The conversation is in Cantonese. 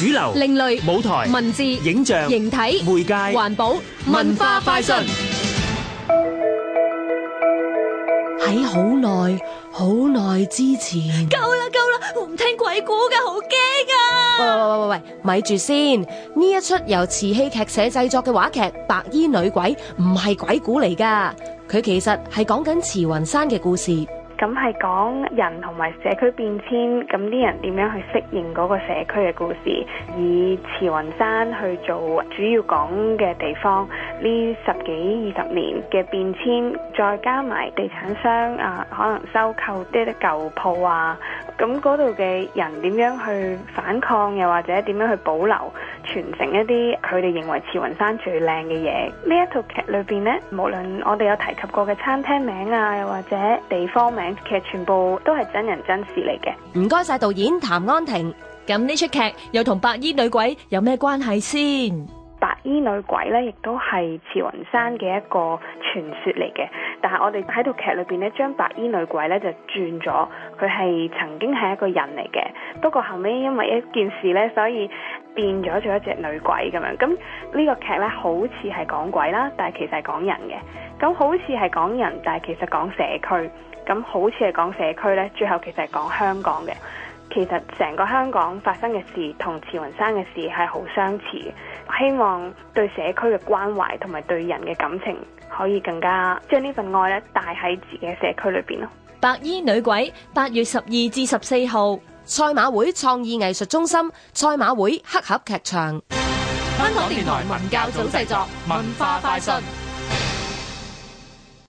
主流、另類、舞台、文字、影像、形體、媒介、環保、文化快訊。喺好耐好耐之前，夠啦夠啦，我唔聽鬼故噶，好驚啊！喂喂喂喂喂，咪住先！呢一出由慈禧劇社製作嘅話劇《白衣女鬼》唔係鬼故嚟噶，佢其實係講緊慈雲山嘅故事。咁係講人同埋社區變遷，咁啲人點樣去適應嗰個社區嘅故事。以慈雲山去做主要講嘅地方，呢十幾二十年嘅變遷，再加埋地產商啊，可能收購啲啲舊鋪啊，咁嗰度嘅人點樣去反抗，又或者點樣去保留。傳承一啲佢哋認為慈雲山最靚嘅嘢。呢一套劇裏邊呢，無論我哋有提及過嘅餐廳名啊，又或者地方名，其實全部都係真人真事嚟嘅。唔該晒導演譚安婷。咁呢出劇又同白衣女鬼有咩關係先？白衣女鬼呢，亦都係慈雲山嘅一個傳說嚟嘅。但係我哋喺套劇裏邊呢，將白衣女鬼呢就轉咗，佢係曾經係一個人嚟嘅。不過後尾因為一件事呢，所以。變咗做一隻女鬼咁樣，咁呢個劇咧好似係講鬼啦，但係其實係講人嘅。咁好似係講人，但係其實講社區。咁好似係講社區咧，最後其實係講香港嘅。其實成個香港發生嘅事同慈雲山嘅事係好相似嘅。希望對社區嘅關懷同埋對人嘅感情可以更加將呢份愛咧帶喺自己嘅社區裏邊咯。《白衣女鬼》八月十二至十四號。賽馬會創意藝術中心、賽馬會黑盒劇場。香港電台文教組製作，文化快訊。